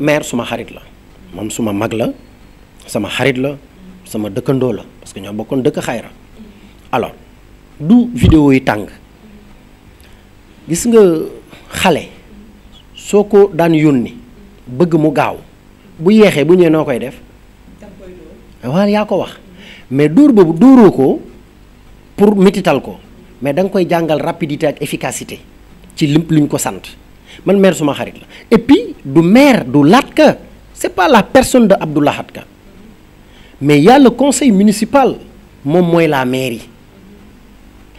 maire suma xarit la moom suma mag la sama xarit la sama dëkkandoo la parce que ñoo bokkoon dëkk xayra alors du vidéo yi tàng gis nga xale soo ko daan yónni bëgg mu gaaw bu yéexee bu ñëwee noo koy def waaw yaa ko wax mais dóor boobu dóoroo ko pour mitital ko mais da nga koy jàngal rapidité ak efficacité ci lépp luñ ko sant man maire suma xarit la et puis du maire du Lahat Ka c'est pas la personne de Abdou Lahat Ka mais yàlla conseil municipal moom mooy la mairie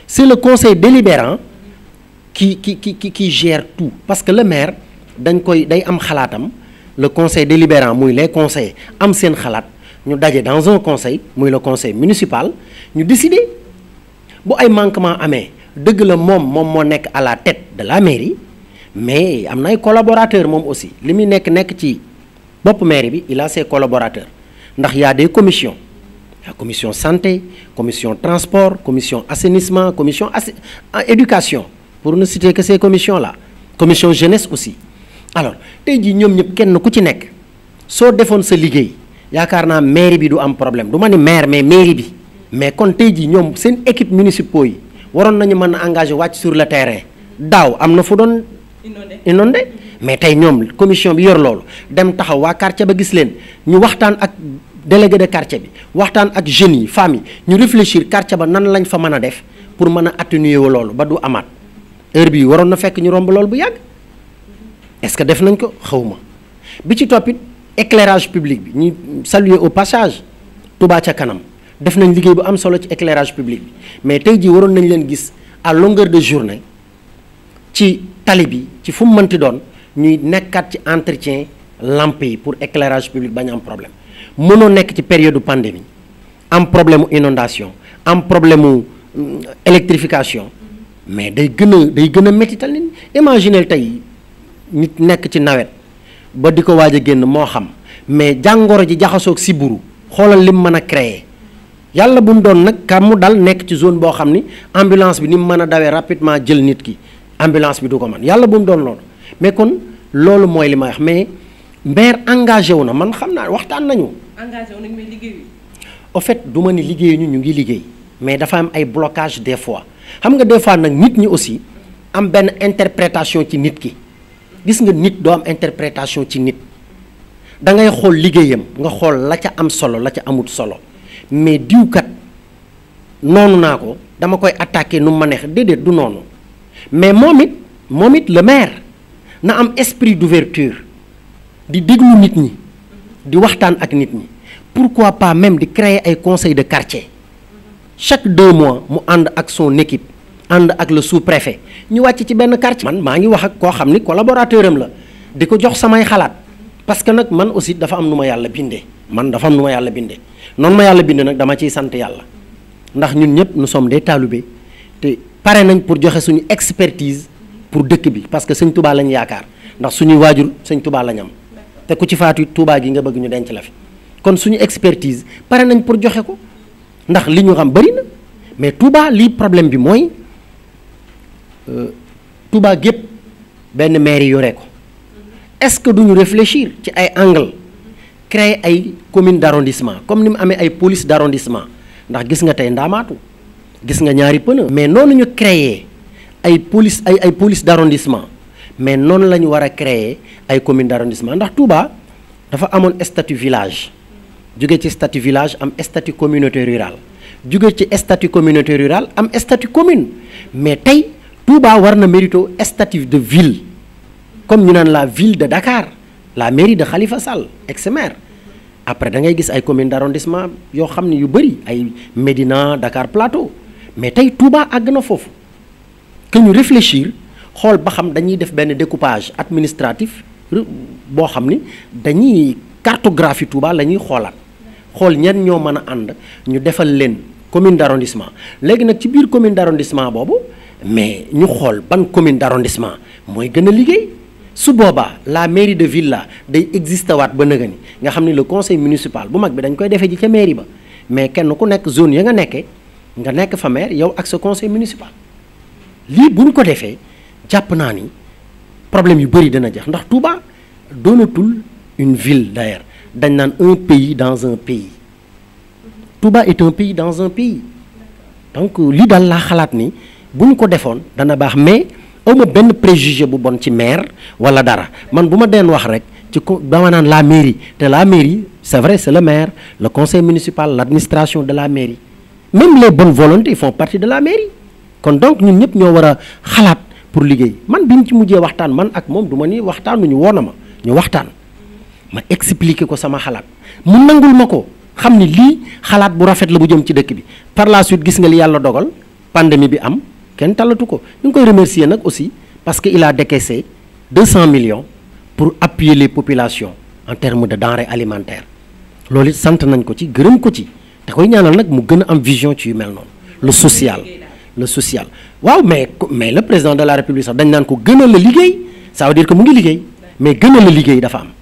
c'est le conseil délibérant qui qui qui qui gère tout parce que le maire dañ koy day am xalaatam le conseil délibérant muy les conseillers am seen xalaat ñu daje dans un conseil muy le conseil municipal ñu décider bu ay manquement amee dëgg la moom moom moo nekk à la tête de la mairie mais am na ay collaborateurs moom aussi li muy nekk nekk ci bopp mairie bi il a ses collaborateurs ndax y a des commissions commission santé commission transport commission assainissement commission ass... Ah, éducation pour na citer que ces commissions la commission jeunesse aussi alors tey jii ñoom ñëpp kenn ku ci nekk soo defoon sa liggéey yaakaar naa mairie bi du am problème du ma ne maire mais mairie bi mais kon tey jii ñoom seen équipe municipaux yi waroon nañu mën a engagé wàcc sur le terrain daaw inondé mais tey ñoom commission bi yor loolu dem taxaw waa quartier ba gis leen ñu waxtaan ak délégué de quartier bi waxtaan ak jeunes yi femmes ñu réfléchir quartier ba nan lañ fa mën a def pour mën a atténuer wu loolu ba du amaat heure bii waroon na fekk ñu romb loolu bu yàgg est-ce que def nañ ko xawma bi ci toppit éclairage public bi ñu saluer au passage Touba ca kanam def nañ liggéey bu am solo ci éclairage public bi mais tey jii waroon nañ leen gis à longueur de journée ci tali bi ci fu mu mënti doon ñuy nekkaat ci entretien lampe yi pour éclairage public bañ am problème mënoo nekk ci période pandémie am problème mu inondation am problème mu mm, électrification mais day gën a day gën a métital nit imagineel tey nit nekk ci nawet ba di ko waaj a génn moo xam mais jàngoro ji jaxasoo jaxasoog siburu xoolal lim mën a créer yàlla bu mu doon nag ka dal nekk ci zone boo xam ni ambulance bi ni mu mën a dawee rapidement jël nit ki ambulance bi du ko man yàlla bu mu doon loolu mais kon loolu mooy li may wax mais maire engagé wu na man xam naa waxtaan nañu. engagé wu mais liggéeyu. au fait du ma ni liggéeyu ñu ñu ngi liggéey mais dafa am ay blocage des fois xam nga des fois nag nit ñi aussi am benn interprétation ci nit ki gis nga nit doo am interprétation ci nit da ngay xool liggéeyam nga xool la ca am solo la ca amut solo mais diwkat noonu naa ko dama koy attaqué nu ma neex déedéet du noonu. mais moom it moom it la maire na am esprit d'ouverture di déglu nit ñi di waxtaan ak nit ñi pourquoi pas même di créer ay conseil de quartier chaque deux mois mu ànd ak son équipe ànd ak le sous-préfet ñu wàcc ci benn quartier. man maa ngi wax ak koo xam ni collaborateur am la di ko jox samay xalaat parce que nag man aussi dafa am nu ma yàlla bindee man dafa am nu ma yàlla bindee noonu ma yàlla bindee nag dama ciy sant yàlla ndax ñun ñëpp nous sommes des talibés te pare nañ pour joxe suñu expertise pour dëkk bi parce que sëñ Touba lañ yaakaar ndax suñuy waajur sëñ Touba lañ am te ku ci faatu Touba gi nga bëgg ñu denc la fi kon suñu expertise pare nañ pour joxe ko ndax li ñu xam bëri na mais Touba li problème bi mooy euh, Touba gépp benn maire yore ko est-ce que duñu réfléchir ci ay angle créer ay commune d'arrondissement comme ni mu amee ay police d'arrondissement ndax gis nga tey ndaamaatu gis nga ñaari pneu mais noonu ñu créer ay police ay ay police d' mais noonu la ñu war a créer ay commune d' ndax Touba dafa amoon statut village jóge ci statut village am statut communauté rurale jóge ci statut communauté rurale am statut commune mais tey Touba war na mérito statut de ville comme ñu naan la ville de Dakar la mairie de xalifa Sall ex après da ngay gis ay commune d' arrondissement yoo xam ne yu bëri ay Médina Dakar Plateau mais tey Touba àgg na foofu que ñu réfléchir xool ba xam dañuy def benn découpage administratif boo xam ni dañuy cartographie Touba la ñuy xoolaat xool ñan ñoo mën a ànd ñu defal leen commune d' arrondissement léegi nag ci biir commune d' boobu mais ñu xool ban commune d' arrondissement mooy gën a liggéey su boobaa la mairie de villa day existé waat ba nëga ni nga xam ni le conseil municipal bu mag bi dañ koy defee ji ca mairie ba mais kenn ku nekk zone ya nga nekkee nga nekk fa maire yow ak sa conseil municipal lii bu ñu ko defee jàpp naa ni problème yu bëri dana jeex ndax Touba doonatul une ville d'ailleurs dañ naan un pays dans un pays Touba est un pays dans un pays donc lii daal laa xalaat ni bu ñu ko defoon dana baax mais awma benn préjugé bu bon ci maire wala dara man bu ma deen wax rek ci ko dama naan la mairie te la mairie c'est vrai c'est le maire le conseil municipal l'administration de la mairie même les bonnes volontés font partie de la mairie kon donc ñun ñëpp ñoo war a xalaat pour liggéey man bi ñu ci mujjee waxtaan man ak moom du ma ni waxtaanuñu woon na ma ñu waxtaan ma expliquer ko sama xalaat mu nangul ma ko xam ni lii xalaat bu rafet la mu jëm ci dëkk bi par la suite gis nga li yàlla dogal pandémie bi am kenn talatu ko ñu koy remercier nag aussi parce que il a décaissé 200 millions pour appuyer les populations en terme de denrées alimentaire loolu it sant nañ ko ci gërëm ko ci. te koy ñaanal nag mu gën a am vision ci yu mel noonu le social le social waaw mais mais la président de la république sax dañ naan ko gënal la liggéey ça veut dire que mu ngi liggéey mais gënal la liggéey dafa am